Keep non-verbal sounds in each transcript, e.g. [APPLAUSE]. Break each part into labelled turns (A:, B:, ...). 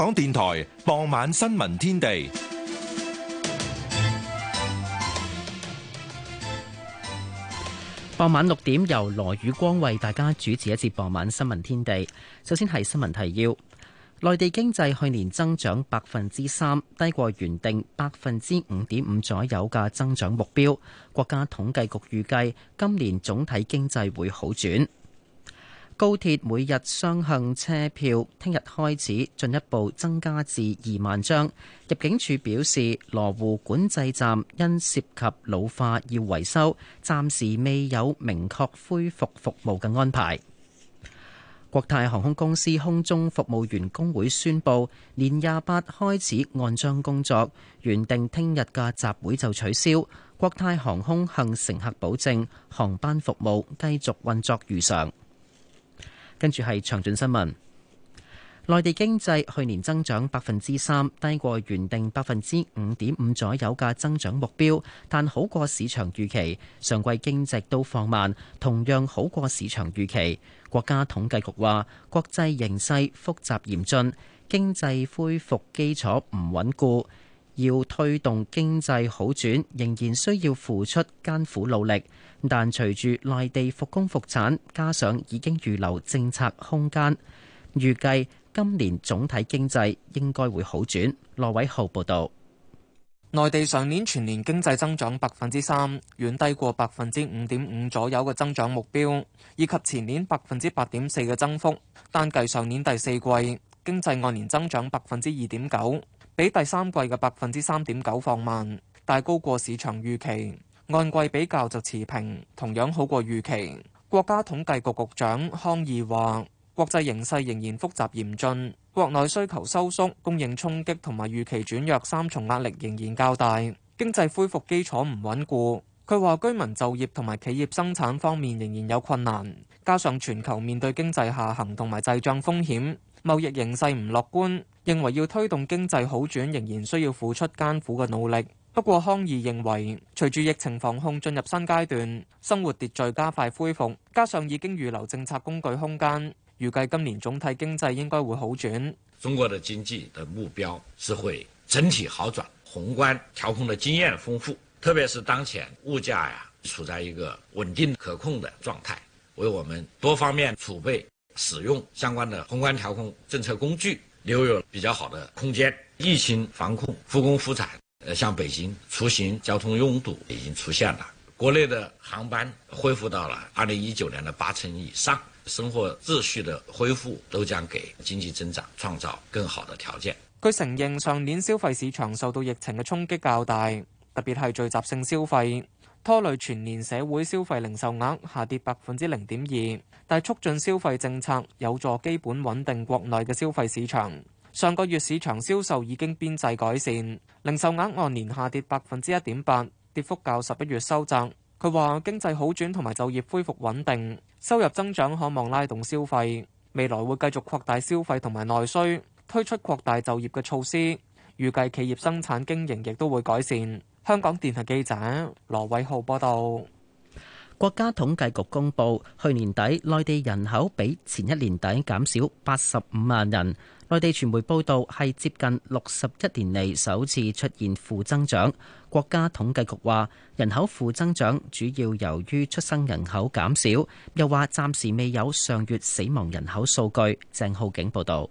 A: 香港電台傍晚
B: 新聞天地，傍晚六點由羅宇光為大家主持一節傍晚新聞天地。首先係新聞提要：內地經濟去年增長百分之三，低過原定百分之五點五左右嘅增長目標。國家統計局預計今年總體經濟會好轉。高鐵每日雙向車票，聽日開始進一步增加至二萬張。入境處表示，羅湖管制站因涉及老化要維修，暫時未有明確恢復服務嘅安排。國泰航空公司空中服務員工會宣布，年廿八開始按章工作，原定聽日嘅集會就取消。國泰航空向乘客保證，航班服務繼續運作如常。跟住係詳盡新聞。內地經濟去年增長百分之三，低過原定百分之五點五左右嘅增長目標，但好過市場預期。上季經濟都放慢，同樣好過市場預期。國家統計局話，國際形勢複雜嚴峻，經濟恢復基礎唔穩固。要推動經濟好轉，仍然需要付出艱苦努力。但隨住內地復工復產，加上已經預留政策空間，預計今年總體經濟應該會好轉。羅偉浩報導，
C: 內地上年全年經濟增長百分之三，遠低過百分之五點五左右嘅增長目標，以及前年百分之八點四嘅增幅。單計上年第四季經濟按年增長百分之二點九。比第三季嘅百分之三點九放慢，但高過市場預期。按季比較就持平，同樣好過預期。國家統計局局長康義話，國際形勢仍然複雜嚴峻，國內需求收縮、供應衝擊同埋預期轉弱三重壓力仍然較大，經濟恢復基礎唔穩固。佢話居民就業同埋企業生產方面仍然有困難，加上全球面對經濟下行同埋滯脹風險。貿易形勢唔樂觀，認為要推動經濟好轉，仍然需要付出艱苦嘅努力。不過，康義認為隨住疫情防控進入新階段，生活秩序加快恢復，加上已經預留政策工具空間，
D: 預計今年總體經濟應該會好轉。中國嘅經濟嘅目標是會整體好轉，宏觀調控的經驗豐富，特別是當前物價呀處在一個穩定可控嘅狀態，為我們多方面儲備。使用相關的宏觀調控政策工具，留有比較好的空間。疫情防控、復工復產，呃，像北京出行交通擁堵已經出現了，國內的航班恢復到了二零一九年的八成以上，生活秩序的恢復都將給經濟增長創造更好的條件。
C: 佢承認上年消費市場受到疫情嘅衝擊較大，特別係聚集性消費。拖累全年社會消費零售額下跌百分之零點二，但促進消費政策有助基本穩定國內嘅消費市場。上個月市場銷售已經邊際改善，零售額按年下跌百分之一點八，跌幅較十一月收窄。佢話經濟好轉同埋就業恢復穩定，收入增長可望拉動消費，未來會繼續擴大消費同埋內需，推出擴大就業嘅措施，預計企業生產經營亦都會改善。香港電台記者羅偉浩報道，國家統計局公布去年底內地人口比
B: 前一年底減少八十五萬人，內地傳媒報道係接近六十一年嚟，首次出現負增長。國家統計局話人口負增長主要由於出生人口減少，又話暫時未有上月死
E: 亡人口數據。鄭浩景報道。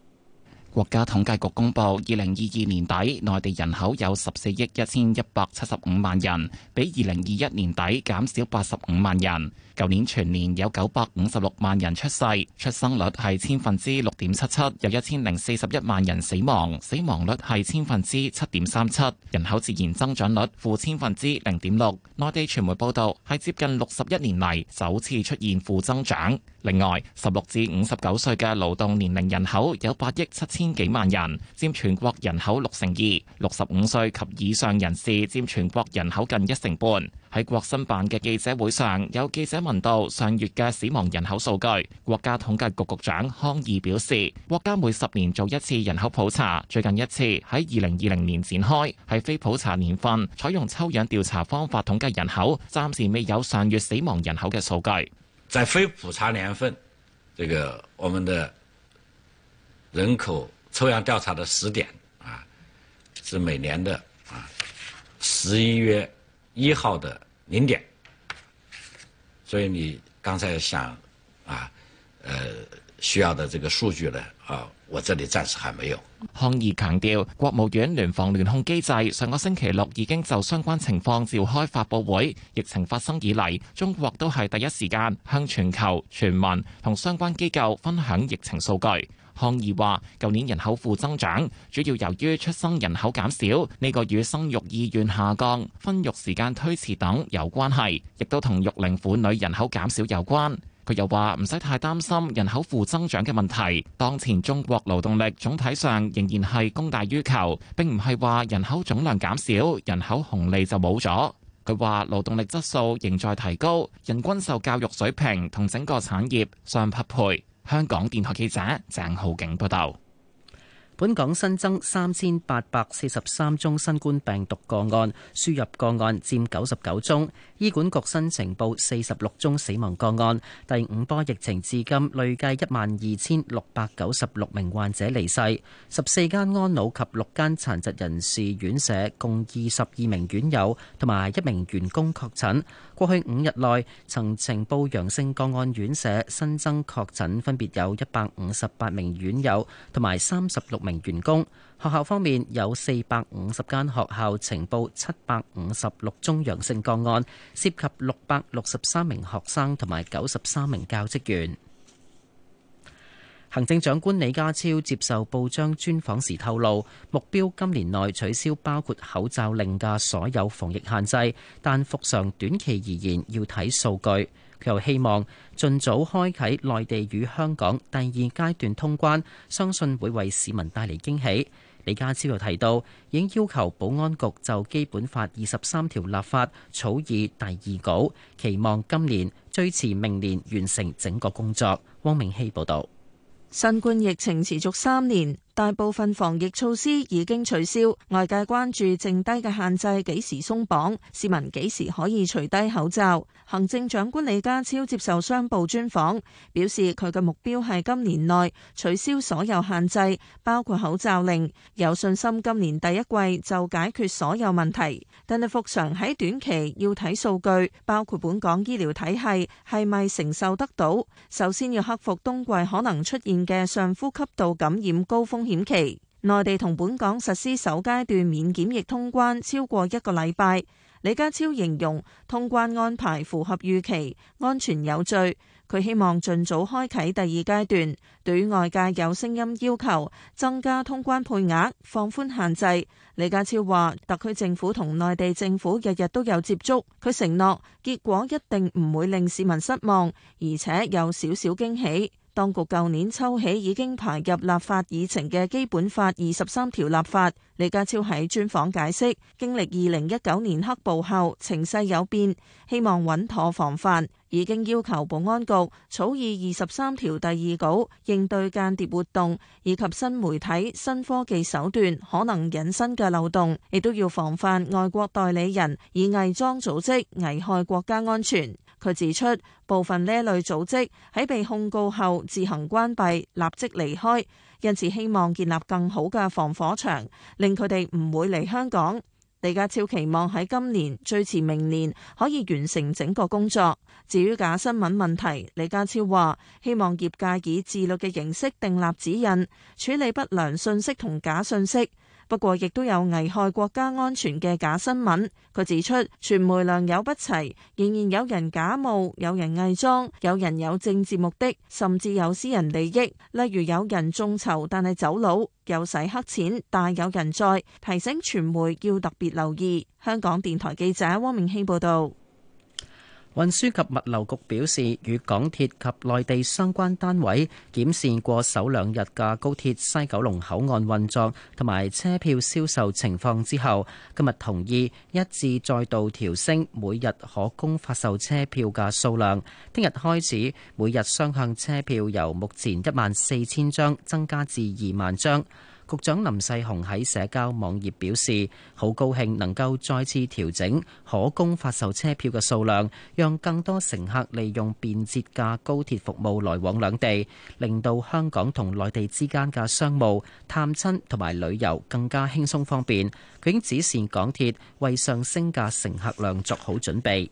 E: 國家統計局公布，二零二二年底內地人口有十四億一千一百七十五萬人，比二零二一年底減少八十五萬人。舊年全年有九百五十六萬人出世，出生率係千分之六點七七；有一千零四十一萬人死亡，死亡率係千分之七點三七，人口自然增長率負千分之零點六。內地傳媒報道係接近六十一年嚟首次出現負增長。另外，十六至五十九歲嘅勞動年齡人口有八億七千幾萬人，佔全國人口六成二；六十五歲及以上人士佔全國人口近一成半。喺國新辦嘅記者會上，有記者問到上月嘅死亡人口數據，國家統計局局長康義表示，國家每十年做一次人口普查，最近一次喺二零二零年展開，係非普查年份，採用抽樣調查方法統計人口，暫時未有上月死亡人口嘅數據。在非普查年份，這個
D: 我們的人口抽樣調查的時點啊，是每年的啊十一月。一號的零點，所以你剛才想，啊，呃
E: 需要的這個數據呢，啊，我這裏暫時還沒有。康毅強調，國務院聯防聯控機制上個星期六已經就相關情況召開發布會。疫情發生以嚟，中國都係第一時間向全球全民同相關機構分享疫情數據。康義話：舊年人口負增長，主要由於出生人口減少，呢個與生育意願下降、婚育時間推遲等有關係，亦都同育齡婦女人口減少有關。佢又話：唔使太擔心人口負增長嘅問題，當前中國勞動力總體上仍然係供大於求，並唔係話人口總量減少，人口紅利就冇咗。佢話：勞動力質素仍在提高，人均受教育水平同整個產業相匹配。香港電台記者鄭浩景報道。本港新增三千八百
B: 四十三宗新冠病毒個案，輸入個案佔九十九宗。醫管局新呈報四十六宗死亡個案。第五波疫情至今累計一萬二千六百九十六名患者離世。十四間安老及六間殘疾人士院舍共二十二名院友同埋一名員工確診。過去五日內曾呈報陽性個案院舍新增確診分別有一百五十八名院友同埋三十六名名員工，學校方面有四百五十間學校呈報七百五十六宗陽性個案，涉及六百六十三名學生同埋九十三名教職員。行政長官李家超接受報章專訪時透露，目標今年內取消包括口罩令嘅所有防疫限制，但復常短期而言要睇數據。佢又希望盡早開啓內地與香港第二階段通關，相信會為市民帶嚟驚喜。李家超又提到，已經要求保安局就《基本法》二十三條立法草擬第二稿，期望今年最遲明年完成整個工作。汪明希報導。
F: 新冠疫情持續三年。大部分防疫措施已經取消，外界關注剩低嘅限制幾時鬆綁，市民幾時可以除低口罩。行政長官李家超接受商報專訪，表示佢嘅目標係今年內取消所有限制，包括口罩令，有信心今年第一季就解決所有問題，但係復常喺短期要睇數據，包括本港醫療體系係咪承受得到，首先要克服冬季可能出現嘅上呼吸道感染高風險期，內地同本港實施首階段免檢疫通關超過一個禮拜。李家超形容通關安排符合預期，安全有序。佢希望盡早開啟第二階段。對外界有聲音要求增加通關配額、放寬限制，李家超話特區政府同內地政府日日都有接觸，佢承諾結果一定唔會令市民失望，而且有少少驚喜。當局舊年抽起已經排入立法議程嘅《基本法》二十三條立法，李家超喺專訪解釋，經歷二零一九年黑暴後，情勢有變，希望穩妥防範，已經要求保安局草擬二十三條第二稿，應對間諜活動以及新媒體、新科技手段可能引申嘅漏洞，亦都要防範外國代理人以偽裝組織危害國家安全。佢指出，部分呢一類組織喺被控告後自行關閉，立即離開，因此希望建立更好嘅防火牆，令佢哋唔會嚟香港。李家超期望喺今年最遲明年可以完成整個工作。至於假新聞問題，李家超話希望業界以自律嘅形式訂立指引，處理不良信息同假信息。不過，亦都有危害國家安全嘅假新聞。佢指出，傳媒良莠不齊，仍然有人假冒，有人偽裝，有人有政治目的，甚至有私人利益。例如有人眾籌，但係走佬，又洗黑錢，大有人在，提醒傳媒要特別留意。香港電台記者汪明希報道。
B: 運輸及物流局表示，與港鐵及內地相關單位檢視過首兩日嘅高鐵西九龍口岸運作同埋車票銷售情況之後，今日同意一致再度調升每日可供發售車票嘅數量。聽日開始，每日雙向車票由目前一萬四千張增加至二萬張。局長林世雄喺社交網頁表示，好高興能夠再次調整可供發售車票嘅數量，讓更多乘客利用便捷嘅高鐵服務來往兩地，令到香港同內地之間嘅商務、探親同埋旅遊更加輕鬆方便。佢已經指示港鐵為上升嘅乘客量作好準備。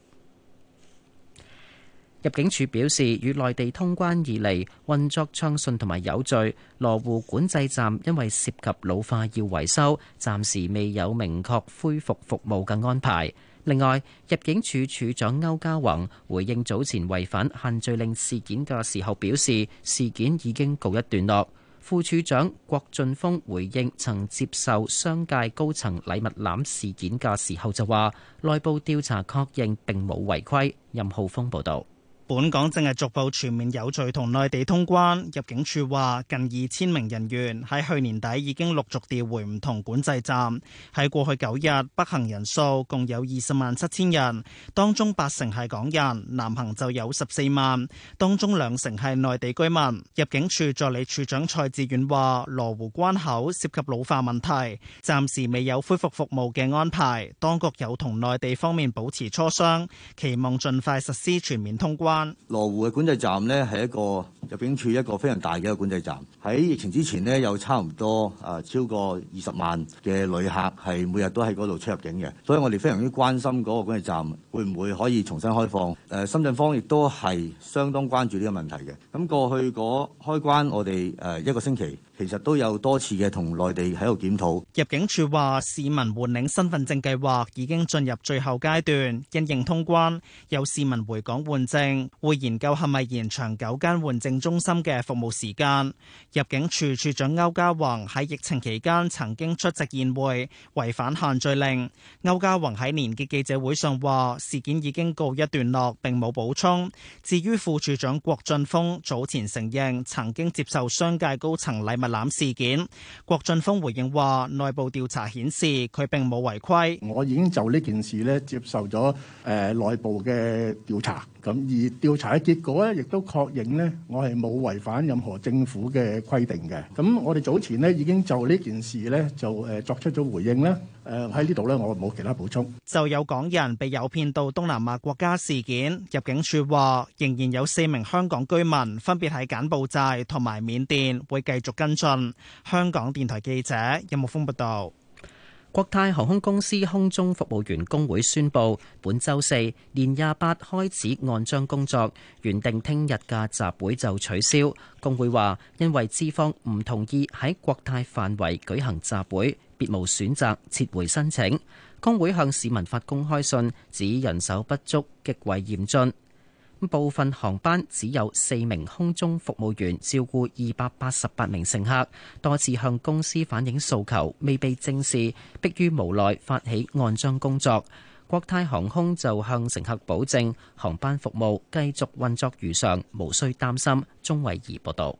B: 入境處表示，與內地通關以來運作暢順同埋有序。羅湖管制站因為涉及老化要維修，暫時未有明確恢復服務嘅安排。另外，入境處處長區嘉宏回應早前違反限聚令事件嘅時候表示，事件已經告一段落。副處長郭俊峯回應曾接受商界高層禮物籃事件嘅時候就話，內部調查確認並冇違規。
G: 任浩峯報導。本港正係逐步全面有序同內地通關，入境處話近二千名人員喺去年底已經陸續調回唔同管制站。喺過去九日北行人數共有二十萬七千人，當中八成係港人；南行就有十四萬，當中兩成係內地居民。入境處助理處長蔡志遠話：羅湖關口涉及老化問題，暫時未有恢復服務嘅安排。當局有同內地方面保持磋商，期望盡快實施全面通關。羅湖嘅管制站呢係一個入境處一個非常大嘅一個管制站。喺疫情之前呢，有差唔多啊，超過二十萬嘅旅客係每日都喺嗰度出入境嘅，所以我哋非常之關心嗰個管制站會唔會可以重新開放。誒，深圳方亦都係相當關注呢個問題嘅。咁過去嗰開關，我哋誒一個星期。其實都有多次嘅同內地喺度檢討。入境處話，市民換領身份證計劃已經進入最後階段，因應通關，有市民回港換證，會研究係咪延長九間換證中心嘅服務時間。入境處處長歐家宏喺疫情期間曾經出席宴會，違反限聚令。歐家宏喺年結記者會上話，事件已經告一段落，並冇補充。至於副處長郭俊峰早前承認曾經接受商界高層禮物。攬事件，郭俊峰回應話：內部調查顯
H: 示，佢並冇違規。我已經就呢件事咧接受咗誒內部嘅調查。咁而調查嘅結果咧，亦都確認咧，我係冇違反任何政府嘅規定嘅。咁我哋早前咧已經就呢件事咧就誒作出咗回應啦。誒喺呢度咧，我冇其他補充。
G: 就有港人被誘騙到東南亞國家事件，入境處話仍然有四名香港居民分別喺柬埔寨同埋緬甸會繼續跟進。香港電台記者任木峯報道。
B: 國泰航空公司空中服務員工會宣布，本周四年廿八開始按章工作，原定聽日嘅集會就取消。工會話，因為資方唔同意喺國泰範圍舉行集會，別無選擇撤回申請。工會向市民發公開信，指人手不足，極為嚴峻。部分航班只有四名空中服務員照顧二百八十八名乘客，多次向公司反映訴求未被正視，迫於無奈發起按章工作。國泰航空就向乘客保證航班服務繼續運作如常，無需擔心。鍾偉儀報道。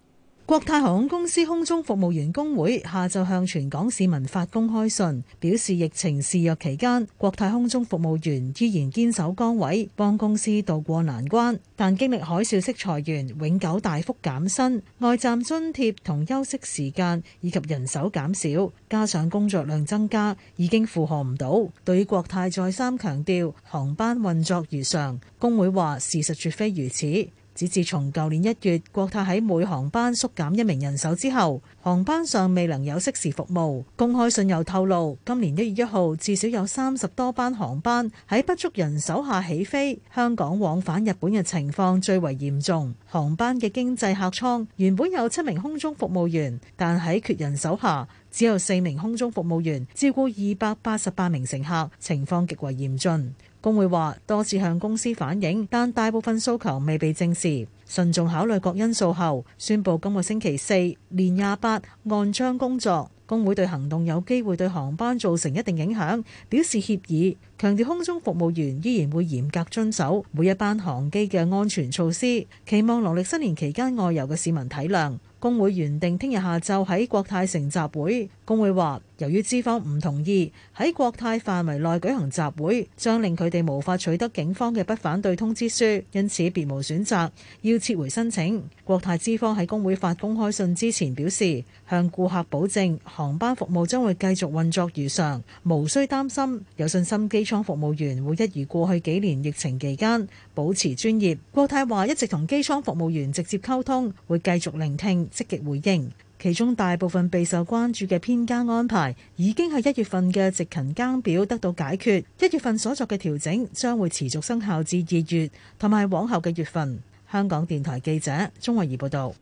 I: 國泰航空公司空中服務員工會下晝向全港市民發公開信，表示疫情肆虐期間，國泰空中服務員依然堅守崗位，幫公司渡過難關。但經歷海嘯式裁員、永久大幅減薪、外站津貼同休息時間以及人手減少，加上工作量增加，已經負荷唔到。對於國泰再三強調航班運作如常，工會話事實絕非如此。只自從舊年一月，國泰喺每航班縮減一名人手之後，航班上未能有適時服務。公開信又透露，今年一月一號至少有三十多班航班喺不足人手下起飛。香港往返日本嘅情況最為嚴重，航班嘅經濟客艙原本有七名空中服務員，但喺缺人手下只有四名空中服務員照顧二百八十八名乘客，情況極為嚴峻。工會話多次向公司反映，但大部分訴求未被正視。慎重考慮各因素後，宣布今個星期四年廿八按章工作。工會對行動有機會對航班造成一定影響，表示歉意，強調空中服務員依然會嚴格遵守每一班航機嘅安全措施。期望農曆新年期間外遊嘅市民體諒。工會原定聽日下晝喺國泰城集會。工會話：由於資方唔同意喺國泰範圍內舉行集會，將令佢哋無法取得警方嘅不反對通知書，因此別無選擇要撤回申請。國泰資方喺工會發公開信之前表示，向顧客保證航班服務將會繼續運作如常，無需擔心，有信心機艙服務員會一如過去幾年疫情期間保持專業。國泰話一直同機艙服務員直接溝通，會繼續聆聽，積極回應。其中大部分備受關注嘅偏間安排已經係，一月份嘅值勤監表得到解決，一月份所作嘅調整將會持續生效至二月同埋往後嘅月份。香港電台記者鍾慧儀報道。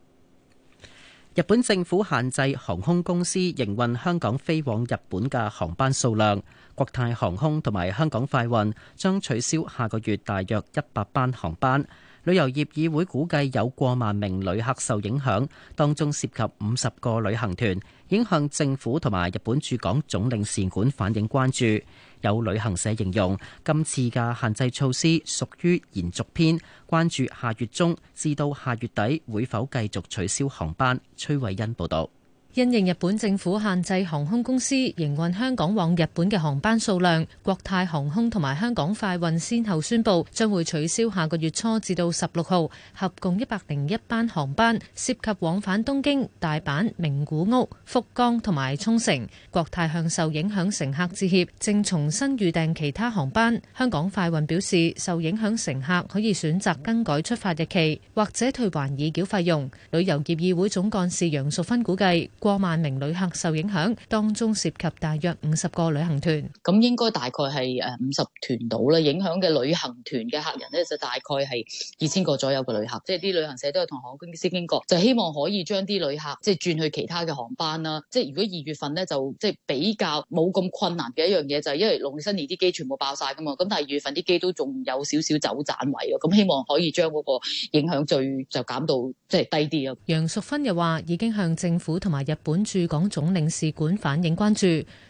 B: 日本政府限制航空公司營運香港飛往日本嘅航班數量，國泰航空同埋香港快運將取消下個月大約一百班航班。旅遊業議會估計有過萬名旅客受影響，當中涉及五十個旅行團，影響政府同埋日本駐港總領事館反映關注。有旅行社形容今次嘅限制措施屬於延續篇，關注下月中至到下月底會否繼續取消航班。崔惠恩報導。
J: 因應日本政府限制航空公司營運香港往日本嘅航班數量，國泰航空同埋香港快運先後宣布將會取消下個月初至到十六號合共一百零一班航班，涉及往返東京、大阪、名古屋、福岡同埋沖繩。國泰向受影響乘客致歉，正重新預訂其他航班。香港快運表示，受影響乘客可以選擇更改出發日期，或者退還已繳費用。旅遊業議會總幹事楊淑芬估，估計過萬名旅客受影響，當中涉及大約五十個旅行團，咁應該大概係誒五十團到啦。影響嘅旅行團嘅客人咧，就大概係二千個左右嘅旅客，即係啲旅行社都有同航空公司傾過，就希望可以將啲旅客即係轉去其他嘅航班啦。即係如果二月份咧，就即係比較冇咁困難嘅一樣嘢，就係因為農曆新年啲機全部爆晒噶嘛。咁但係二月份啲機都仲有少少走盞位啊。咁希望可以將嗰個影響最就減到即係低啲啊。楊淑芬又話已經向政府同埋有。日本駐港總領事館反映關注。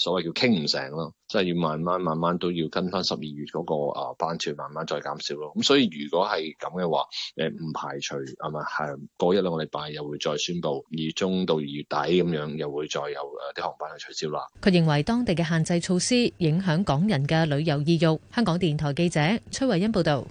D: 所謂叫傾唔成咯，即係要慢慢慢慢都要跟翻十二月嗰個啊班次，慢慢再減少咯。咁所以如果係咁嘅話，誒唔排除係咪係過一兩個禮拜又會再宣布二月中到二月底咁樣又會再有誒啲航班去取消啦。
J: 佢認為當地嘅限制措施影響港人嘅旅遊意欲。香港電台記者崔慧欣報道。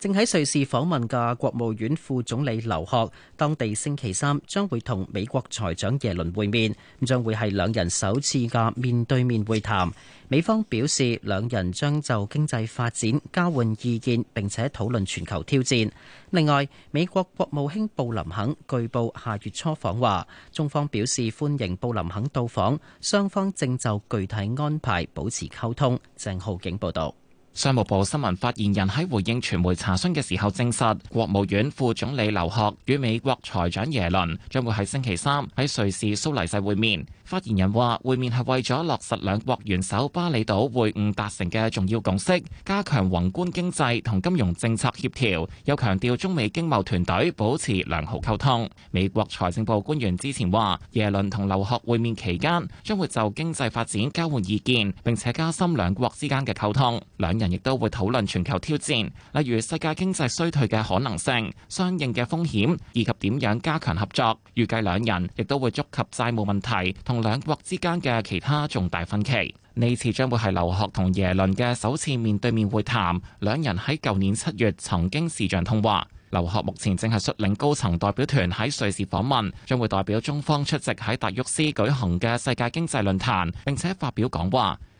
B: 正喺瑞士訪問嘅國務院副總理劉鶴，當地星期三將會同美國財長耶倫會面，咁將會係兩人首次嘅面對面會談。美方表示，兩人將就經濟發展交換意見，並且討論全球挑戰。另外，美國國務卿布林肯據報下月初訪華，中方表示歡迎布林肯到訪，雙方正就
E: 具體安排保持溝通。鄭浩景報道。商務部新聞發言人喺回應傳媒查詢嘅時候證實，國務院副總理劉鶴與美國財長耶倫將會喺星期三喺瑞士蘇黎世會面。發言人話，會面係為咗落實兩國元首巴厘島會晤達成嘅重要共識，加強宏觀經濟同金融政策協調，又強調中美經貿團隊保持良好溝通。美國財政部官員之前話，耶倫同劉鶴會面期間將會就經濟發展交換意見，並且加深兩國之間嘅溝通。兩亦都會討論全球挑戰，例如世界經濟衰退嘅可能性、相應嘅風險以及點樣加強合作。預計兩人亦都會觸及債務問題同兩國之間嘅其他重大分歧。呢次將會係劉鶴同耶倫嘅首次面對面會談，兩人喺舊年七月曾經視像通話。劉鶴目前正係率領高層代表團喺瑞士訪問，將會代表中方出席喺達沃斯舉行嘅世界經濟論壇，並且發表講話。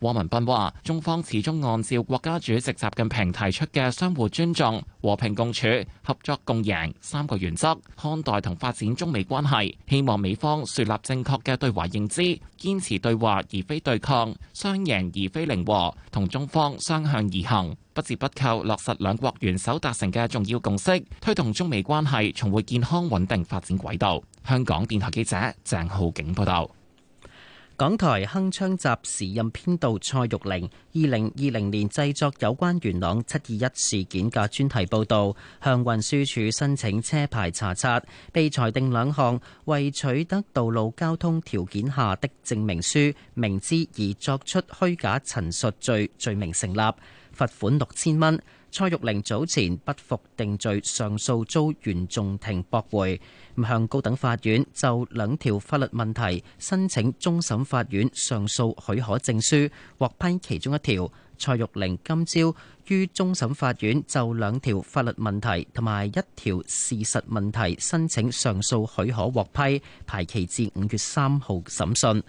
E: 汪文斌話：中方始終按照國家主席習近平提出嘅相互尊重、和平共處、合作共贏三個原則看待同發展中美關係，希望美方樹立正確嘅對華認知，堅持對話而非對抗，雙贏而非零和，同中方相向而行，不折不扣落實兩國元首達成嘅重要共識，推動中美關係重回健康穩定發展軌道。香港電台記者鄭浩景報道。港台《鏗鏘
B: 集》時任編導蔡玉玲，二零二零年製作有關元朗七二一事件嘅專題報道，向運輸署申請車牌查冊，被裁定兩項為取得道路交通條件下的證明書，明知而作出虛假陳述罪罪名成立，罰款六千蚊。蔡玉玲早前不服定罪上訴，遭原訟庭駁回，向高等法院就兩條法律問題申請終審法院上訴許可證書獲批，其中一條。蔡玉玲今朝於終審法院就兩條法律問題同埋一條事實問題申請上訴許可獲批，排期至五月三號審訊。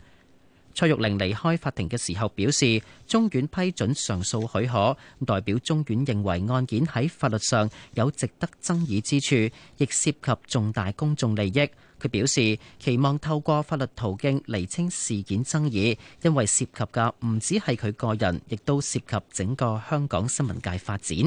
B: 蔡玉玲離開法庭嘅時候表示，中院批准上訴許可，代表中院認為案件喺法律上有值得爭議之處，亦涉及重大公眾利益。佢表示期望透過法律途徑釐清事件爭議，因為涉及嘅唔止係佢個人，亦都涉及整個香港新聞界發展。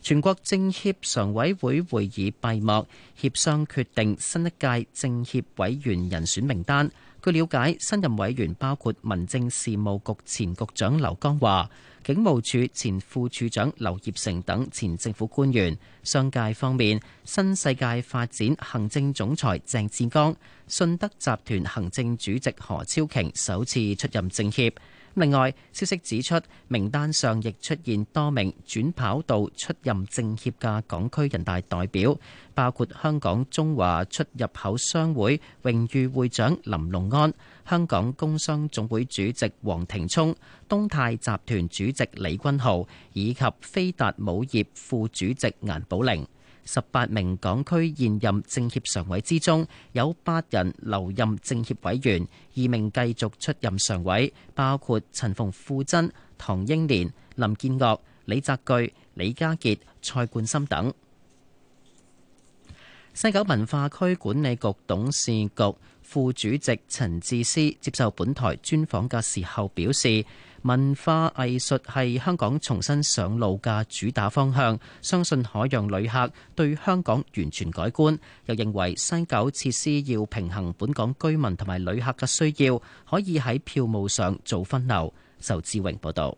B: 全國政協常委會會議閉幕，協商決定新一屆政協委員人選名單。據了解，新任委員包括民政事務局前局長劉江華、警務處前副處長劉業成等前政府官員。商界方面，新世界發展行政總裁鄭志剛、信德集團行政主席何超瓊首次出任政協。另外，消息指出，名單上亦出現多名轉跑道出任政協嘅港區人大代表，包括香港中華出入口商會榮譽會長林龍安、香港工商總會主席黃庭聰、東泰集團主席李君豪以及飛達帽業副主席顏寶玲。十八名港區現任政協常委之中，有八人留任政協委員，二名繼續出任常委，包括陳馮富珍、唐英年、林建岳、李澤鉅、李家傑、蔡冠深等。西九文化區管理局董事局副主席陳智思接受本台專訪嘅時候表示。文化藝術係香港重新上路嘅主打方向，相信可讓旅客對香港完全改觀。又認為西九設施要平衡本港居民同埋旅客嘅需要，可以喺票務上做分流。仇志榮報道。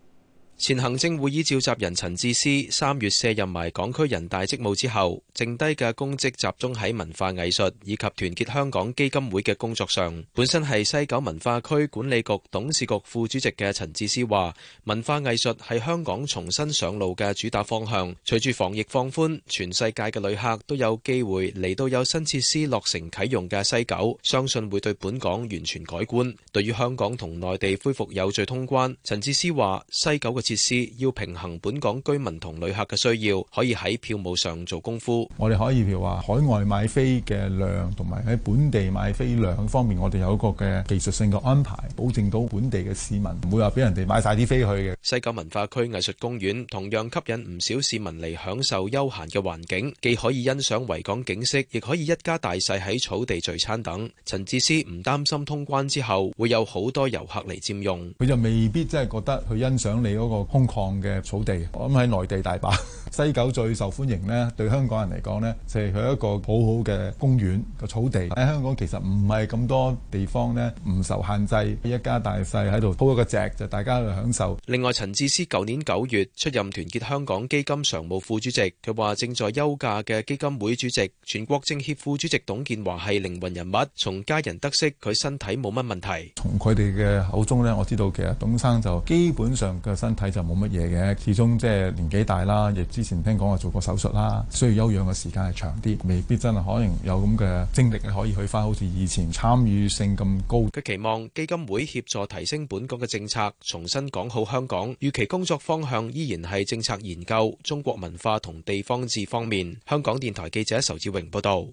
B: 前行政會議召集人
A: 陳智思三月卸任埋港區人大職務之後，剩低嘅公職集中喺文化藝術以及團結香港基金會嘅工作上。本身係西九文化區管理局董事局副主席嘅陳智思話：文化藝術係香港重新上路嘅主打方向。隨住防疫放寬，全世界嘅旅客都有機會嚟到有新設施落成啟用嘅西九，相信會對本港完全改觀。對於香港同內地恢復有序通關，陳智思話：西九嘅設施要平衡本港居民同旅客嘅需要，可以喺票務上做功夫。
H: 我哋可以譬如話海外買飛嘅量，同埋喺本地買飛量方面，我哋有一個嘅技術性嘅安排，保證到本地嘅市民唔會話俾人哋買晒啲飛去
A: 嘅。西九文化區藝術公園同樣吸引唔少市民嚟享受休閒嘅環境，既可以欣賞維港景色，亦可以一家大細喺草地聚餐等。陳智思唔擔心通關之後會有好多遊客嚟佔用，
H: 佢就未必真係覺得去欣賞你嗰個。空曠嘅草地，我諗喺內地大把。 [LAUGHS] 西九最受歡迎呢，對香港人嚟講呢，就係佢一個好好嘅公園，個草地喺香港其實唔係咁多地方呢，唔受限制，一家大細喺度鋪一個席就大家去享受。
A: 另外，陳智思舊年九月出任團結香港基金常務副主席，佢話正在休假嘅基金會主席、全國政協副主席董建華係靈魂人物。從家人得悉佢身體冇乜問題。
H: 從佢哋嘅口中呢，我知道其實董生就基本上個身體就冇乜嘢嘅，始終即係年紀大啦，亦知。之前聽講話做過手術啦，需要休養嘅時間係長啲，未必真係可能有咁嘅精力可以去返好似以前參與性咁高。佢
A: 期望基金會協助提升本港嘅政策，重新講好香港。預期工作方向依然係政策研究、中國文化同地方志方面。香港電台記者仇志榮報導。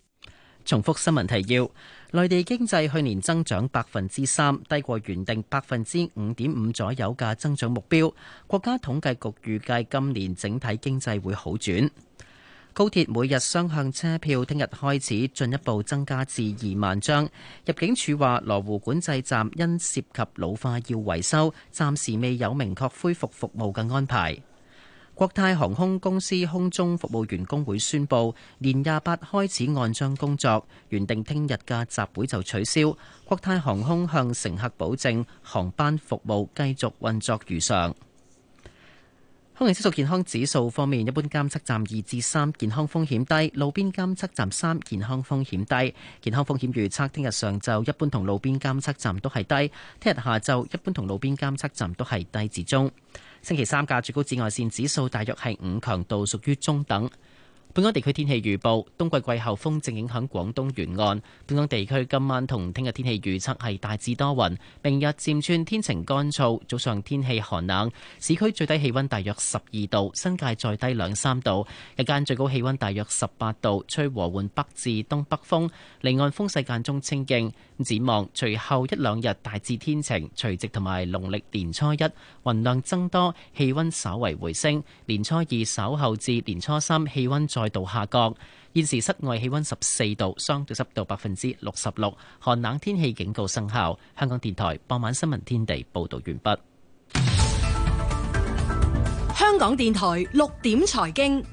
B: 重複新聞提要。內地經濟去年增長百分之三，低過原定百分之五點五左右嘅增長目標。國家統計局預計今年整體經濟會好轉。高鐵每日雙向車票聽日開始進一步增加至二萬張。入境處話羅湖管制站因涉及老化要維修，暫時未有明確恢復服務嘅安排。國泰航空公司空中服務員工會宣布，年廿八開始按章工作，原定聽日嘅集會就取消。國泰航空向乘客保證，航班服務繼續運作如常。空氣質素健康指數方面，一般監測站二至三，健康風險低；路邊監測站三，健康風險低。健康風險預測聽日上晝一般同路邊監測站都係低，聽日下晝一般同路邊監測站都係低至中。星期三嘅最高紫外線指數大約係五強度，屬於中等。本港地區天氣預報，冬季季候風正影響廣東沿岸。本港地區今晚同聽日天氣預測係大致多雲，明日漸轉天晴乾燥，早上天氣寒冷。市區最低氣溫大約十二度，新界再低兩三度。日間最高氣溫大約十八度，吹和緩北至東北風，離岸風勢間中清勁，展望隨後一兩日大致天晴，除夕同埋農曆年初一雲量增多，氣溫稍為回升。年初二稍後至年初三氣溫。再度下降。現時室外氣溫十四度，相對濕度百分之六十六。寒冷天氣警告生效。香港電台傍晚新聞天地報道完畢。香港電台六點財經，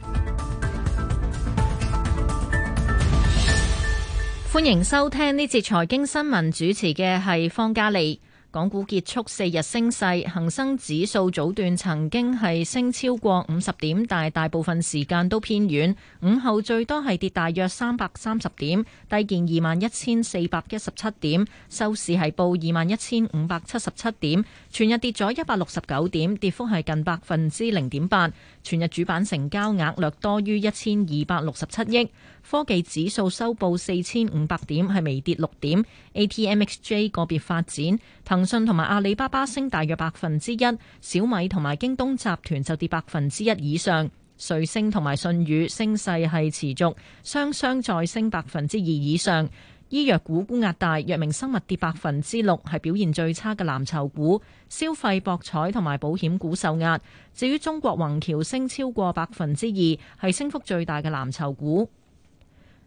K: 歡迎收聽呢節財經新聞，主持嘅係方嘉莉。港股結束四日升勢，恒生指數早段曾經係升超過五十點，但係大部分時間都偏軟。午後最多係跌大約三百三十點，低見二萬一千四百一十七點，收市係報二萬一千五百七十七點，全日跌咗一百六十九點，跌幅係近百分之零點八。全日主板成交額略多於一千二百六十七億，科技指數收報四千五百點，係微跌六點。ATMXJ 個別發展，騰訊同埋阿里巴巴升大約百分之一，小米同埋京東集團就跌百分之一以上。瑞星同埋信宇升勢係持續，雙雙再升百分之二以上。醫藥股沽壓大，藥明生物跌百分之六，係表現最差嘅藍籌股。消費博彩同埋保險股受壓，至於中國宏橋升超過百分之二，係升幅最大嘅藍籌股。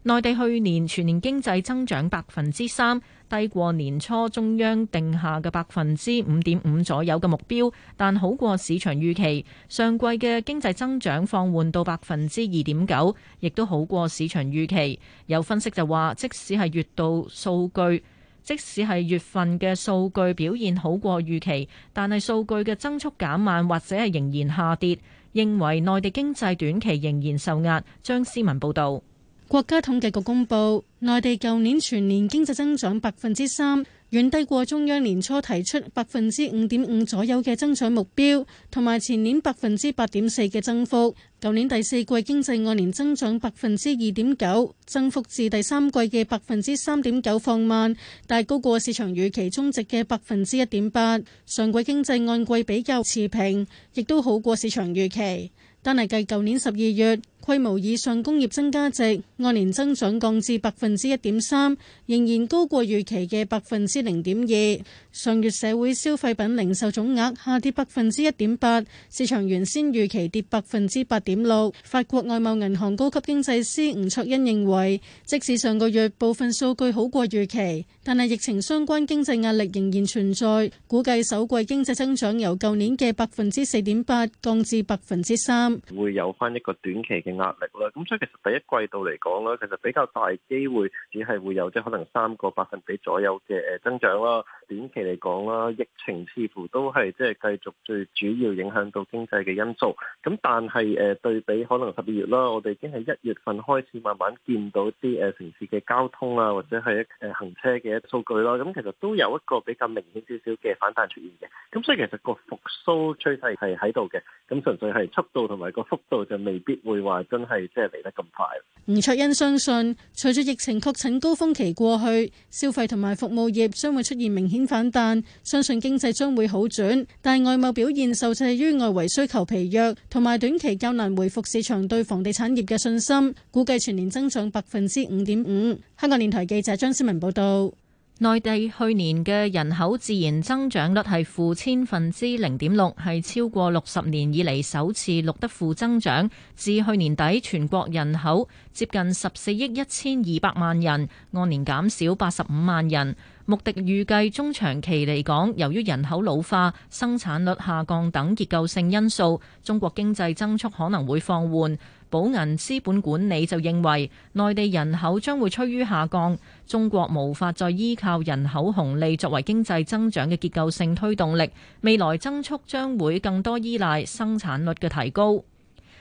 K: 內地去年全年經濟增長百分之三，低過年初中央定下嘅百分之五點五左右嘅目標，但好過市場預期。上季嘅經濟增長放緩到百分之二點九，亦都好過市場預期。有分析就話，即使係月度數據，即使係月份嘅數據表現好過預期，但係數據嘅增速減慢或者係仍然下跌，認為內地經濟短期仍然受壓。張詩文報道。
L: 國家統計局公布，內地舊年全年經濟增長百分之三，遠低過中央年初提出百分之五點五左右嘅增長目標，同埋前年百分之八點四嘅增幅。舊年第四季經濟按年增長百分之二點九，增幅至第三季嘅百分之三點九放慢，但高過市場預期中值嘅百分之一點八。上季經濟按季比較持平，亦都好過市場預期，但係計舊年十二月。規模以上工業增加值按年增長降至百分之一點三，仍然高過預期嘅百分之零點二。上月社會消費品零售總額下跌百分之一點八，市場原先預期跌百分之八點六。法國外貿銀行高級經濟師吳卓恩認為，即使上個月部分數據好過預期，但係疫情相關經濟壓力仍然存在，估計首季經濟增長由舊年嘅百分之四點八降至百分之三，
D: 會有返一個短期嘅壓力啦。咁所以其實第一季度嚟講呢，其實比較大機會只係會有即可能三個百分比左右嘅增長啦，短期。嚟講啦，疫情似乎都係即係繼續最主要影響到經濟嘅因素。咁但係誒，對比可能十二月啦，我哋已經係一月份開始慢慢見到啲誒城市嘅交通啊，或者係誒行車嘅數據啦，咁其實都有一個比較明顯少少嘅反彈出現嘅。咁所以其實個復蘇趨勢係喺度嘅。咁純粹係速度同埋個幅度就未必會話真係即係嚟得咁快。
L: 吳卓恩相信，隨住疫情確診高峰期過去，消費同埋服務業將會出現明顯反。但相信經濟將會好轉，但外貿表現受制於外圍需求疲弱，同埋短期較難回復市場對房地產業嘅信心，估計全年增長百分之五點五。香港電台記者張思文報道，內地去年嘅人口自然增
K: 長率係負千分之零點六，係超過六十年以嚟首次錄得負增長。至去年底，全國人口接近十四億一千二百萬人，按年減少八十五萬人。穆迪預計中長期嚟講，由於人口老化、生產率下降等結構性因素，中國經濟增速可能會放緩。保銀資本管理就認為，內地人口將會趨於下降，中國無法再依靠人口紅利作為經濟增長嘅結構性推動力，未來增速將會更多依賴生產率嘅提高。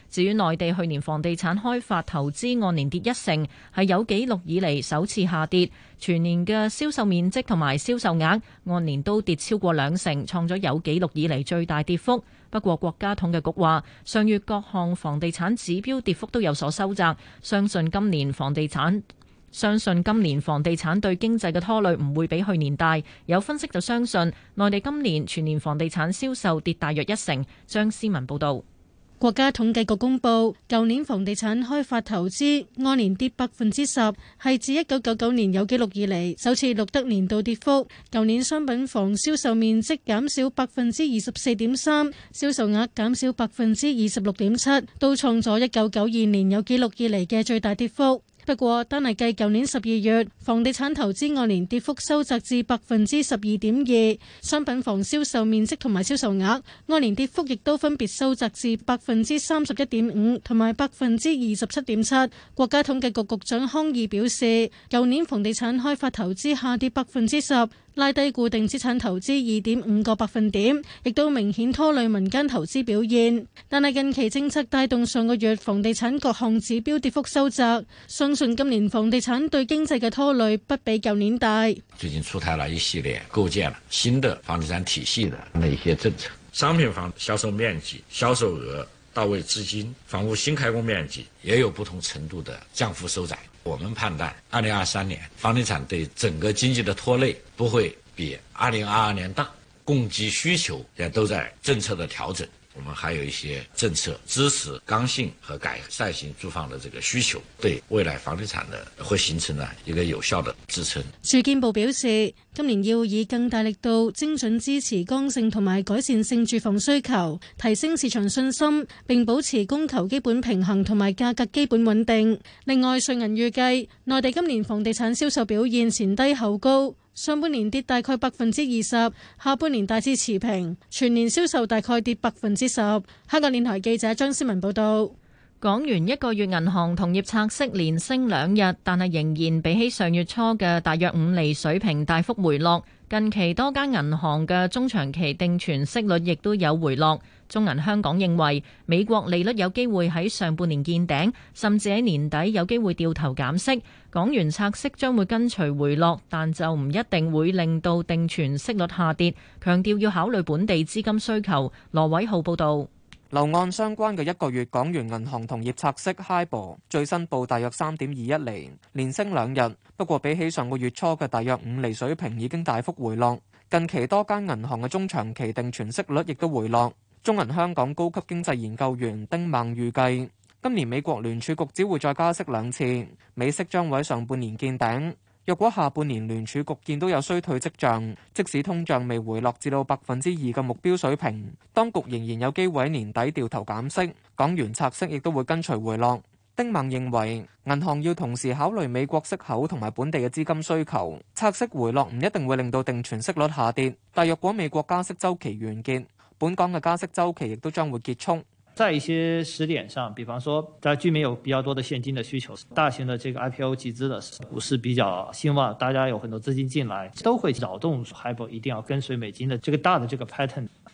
K: 至於內地去年房地產開發投資按年跌一成，係有記錄以嚟首次下跌。全年嘅銷售面積同埋銷售額按年都跌超過兩成，創咗有記錄以嚟最大跌幅。不過國家統計局話，上月各項房地產指標跌幅都有所收窄，相信今年房地產相信今年房地產對經濟嘅拖累唔會比去年大。有分析就相信內地今年全年房地產銷售跌大約一成。張思文報導。
L: 國家統計局公布，舊年房地產開發投資按年跌百分之十，係自一九九九年有紀錄以嚟首次錄得年度跌幅。舊年商品房銷售面積減少百分之二十四點三，銷售額減少百分之二十六點七，都創咗一九九二年有紀錄以嚟嘅最大跌幅。不過，單係計舊年十二月，房地產投資按年跌幅收窄至百分之十二點二，商品房銷售面積同埋銷售額按年跌幅亦都分別收窄至百分之三十一點五同埋百分之二十七點七。國家統計局局長康義表示，舊年房地產開發投資下跌百分之十，拉低固定資產投資二點五個百分點，亦都明顯拖累民間投資表現。但係近期政策帶動上個月房地產各項指標跌幅收窄，相信今年房地產對經濟嘅拖累不比舊年大。
D: 最近出台了一系列構建了新的房地產體系嘅那一些政策，商品房銷售面積、銷售額、到位資金、房屋新開工面積也有不同程度的降幅收窄。我們判斷，二零二三年房地產對整個經濟的拖累不會比二零二二年大，供給需求也都在政策的調整。我們還有一些政策支持剛性和改善性住房的這個需求，對未來房地產呢會形成了一個有效的支撐。
L: 住建部表示，今年要以更大力度精準支持剛性同埋改善性住房需求，提升市場信心，並保持供求基本平衡同埋價格基本穩定。另外，瑞銀預計內地今年房地產銷售表現前低後高。上半年跌大概百分之二十，下半年大致持平，全年銷售大概跌百分之十。香港電台記者張思文報道，
K: 港元一個月銀行同業拆息連升兩日，但係仍然比起上月初嘅大約五厘水平大幅回落，近期多間銀行嘅中長期定存息率亦都有回落。中銀香港認為，美國利率有機會喺上半年見頂，甚至喺年底有機會掉頭減息。港元拆息將會跟隨回落，但就唔一定會令到定存息率下跌，強
C: 調要考慮本地資金需求。羅偉浩報道，樓按相關嘅一個月港元銀行同業拆息 HIBOR，最新報大約三點二一厘，連升兩日。不過比起上個月初嘅大約五厘水平，已經大幅回落。近期多間銀行嘅中長期定存息率亦都回落。中銀香港高級經濟研究員丁孟預計，今年美國聯儲局只會再加息兩次，美息將會喺上半年見頂。若果下半年聯儲局見到有衰退跡象，即使通脹未回落至到百分之二嘅目標水平，當局仍然有機會年底掉頭減息，港元拆息亦都會跟隨回落。丁孟認為，銀行要同時考慮美國息口同埋本地嘅資金需求，拆息回落唔一定會令到定存息率下跌，但若果美國加息周期完結，本港嘅加息周期亦都將會結束，
E: 在一些時點上，比方說，在居民有比較多的現金的需求，大型的這個 IPO 集資的股市比較興旺，大家有很多資金進來，都會驅動香港一定要跟隨美金的這個大的這個 pattern。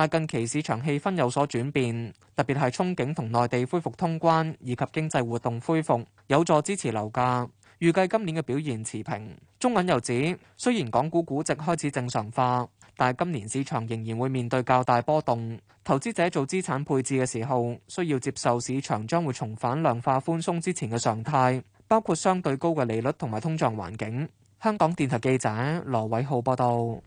C: 但近期市場氣氛有所轉變，特別係憧憬同內地恢復通關以及經濟活動恢復，有助支持樓價，預計今年嘅表現持平。中銀又指，雖然港股估值開始正常化，但係今年市場仍然會面對較大波動，投資者做資產配置嘅時候，需要接受市場將會重返量化寬鬆之前嘅常態，包括相對高嘅利率同埋通脹環境。香港電台記者羅偉浩報道。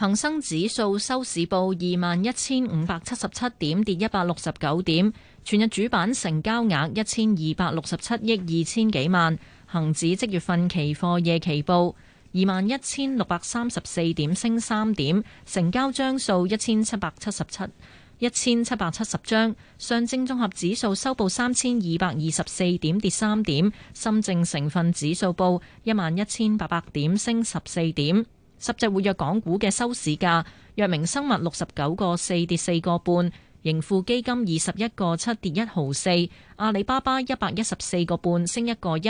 K: 恒生指數收市報二萬一千五百七十七點，跌一百六十九點。全日主板成交額一千二百六十七億二千幾萬。恒指即月份期貨夜期報二萬一千六百三十四點，升三點。成交張數一千七百七十七，一千七百七十張。上證綜合指數收報三千二百二十四點，跌三點。深證成分指數報一萬一千八百點，升十四點。十隻活躍港股嘅收市價，藥明生物六十九個四跌四個半，盈富基金二十一個七跌一毫四，阿里巴巴一百一十四個半升一個一，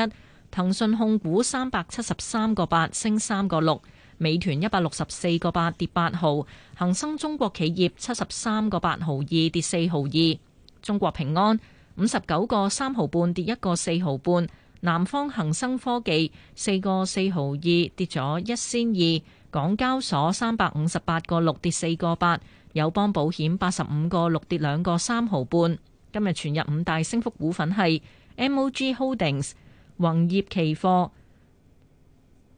K: 騰訊控股三百七十三個八升三個六，美團一百六十四個八跌八毫，恒生中國企業七十三個八毫二跌四毫二，中國平安五十九個三毫半跌一個四毫半，南方恒生科技四個四毫二跌咗一仙二。港交所三百五十八個六跌四個八，友邦保險八十五個六跌兩個三毫半。今日全日五大升幅股份係 MOG Holdings、宏業期貨、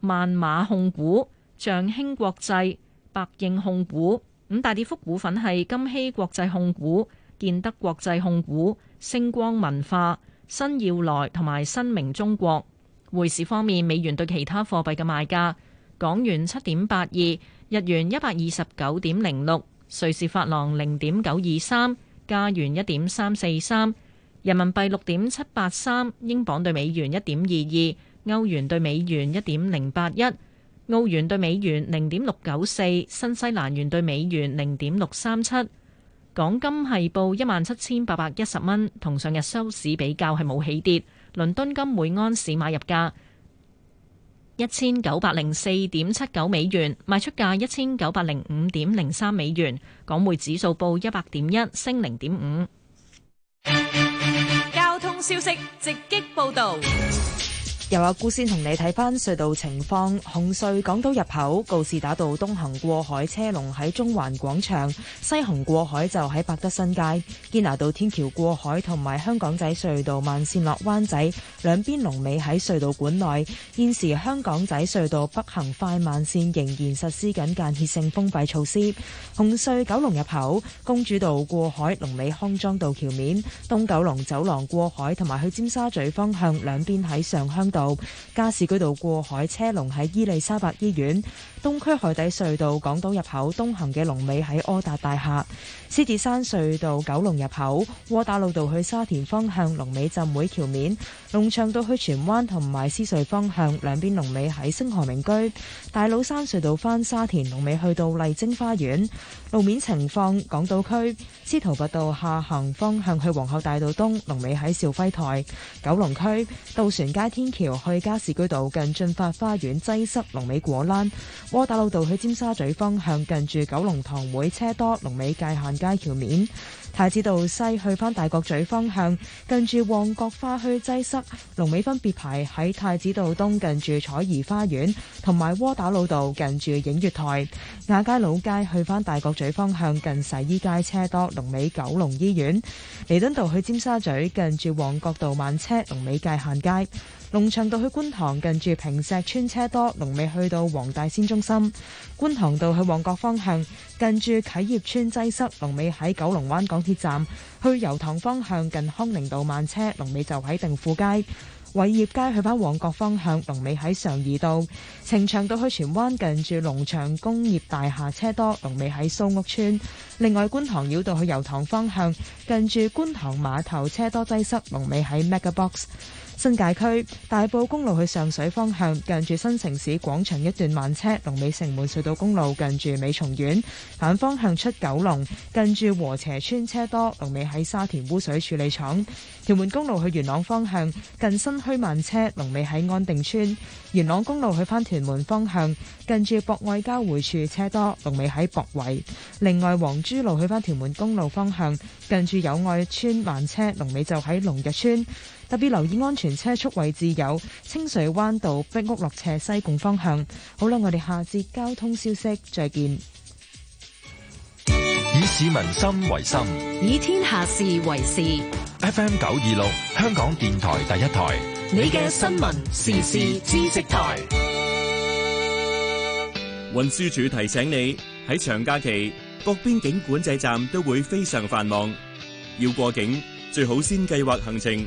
K: 萬馬控股、象興國際、百應控股。五大跌幅股份係金禧國際控股、建德國際控股、星光文化、新耀來同埋新明中國。匯市方面，美元對其他貨幣嘅賣價。港元七點八二，日元一百二十九點零六，瑞士法郎零點九二三，加元一點三四三，人民幣六點七八三，英鎊對美元一點二二，歐元對美元一點零八一，澳元對美元零點六九四，新西蘭元對美元零點六三七。港金係報一萬七千八百一十蚊，同上日收市比較係冇起跌。倫敦金每安士買入價。一千九百零四點七九美元，賣出價一千九百零五點零三美元，港匯指數報一百點一，升零點五。
J: 交通消息直擊報道。
M: 又阿姑，先同你睇翻隧道情況。紅隧港島入口告士打道東行過海車龍喺中環廣場，西行過海就喺百德新街。堅拿道天橋過海同埋香港仔隧道慢線落灣仔兩邊龍尾喺隧道管內。現時香港仔隧道北行快慢線仍然實施緊間歇性封閉措施。紅隧九龍入口公主道過海龍尾康莊道橋面，東九龍走廊過海同埋去尖沙咀方向兩邊喺上鄉道，道、加士居道過海車龍喺伊利沙伯醫院，東區海底隧道港島入口東行嘅龍尾喺柯達大廈；獅子山隧道九龍入口窩打老道去沙田方向龍尾浸會橋面，龍翔道去荃灣同埋獅隧方向兩邊龍尾喺星河名居；大老山隧道翻沙田龍尾去到麗晶花園。路面情況：港島區司徒拔道下行方向去皇后大道東龍尾喺兆輝台；九龍區渡船街天橋。去加士居道近駿發花園擠塞龍，龍尾果欄。窩打老道去尖沙咀方向近住九龍塘會車多，龍尾界限街橋面。太子道西去翻大角咀方向近住旺角花墟擠塞龍，龍尾分別排喺太子道東近住彩怡花園，同埋窩打老道近住映月台。亞皆老街去翻大角咀方向近洗衣街車多，龍尾九龍醫院。彌敦道去尖沙咀近住旺角道慢車，龍尾界限街。龍翔道去觀塘，近住坪石村車多，龍尾去到黃大仙中心。觀塘道去旺角方向，近住啟業村擠塞，龍尾喺九龍灣港鐵站；去油塘方向近康寧道慢車，龍尾就喺定富街。偉業街去翻旺角方向，龍尾喺常怡道。呈祥道去荃灣近住龍翔工業大廈車多，龍尾喺蘇屋村。另外，觀塘繞道去油塘方向，近住觀塘碼頭車多擠塞，龍尾喺 Megabox。新界區大埔公路去上水方向，近住新城市廣場一段慢車，龍尾城門隧道。公路近住美松苑反方向出九龍，近住禾輋邨車多，龍尾喺沙田污水處理廠。屯門公路去元朗方向，近新墟慢車，龍尾喺安定村元朗公路去返屯門方向，近住博愛交匯處車多，龍尾喺博圍。另外，皇珠路去返屯門公路方向，近住友愛村慢車，龍尾就喺龍日村特別留意安全車速位置有清水灣道、碧屋落斜西貢方向。好啦，我哋下節交通消息再見。以市民心為心，嗯、以天下事為事。
D: F M 九二六，香港電
E: 台第一台。你嘅新聞時事知識台。運輸署提醒你喺長假期，各邊境管制站都會非常繁忙，要過境最好先計劃行程。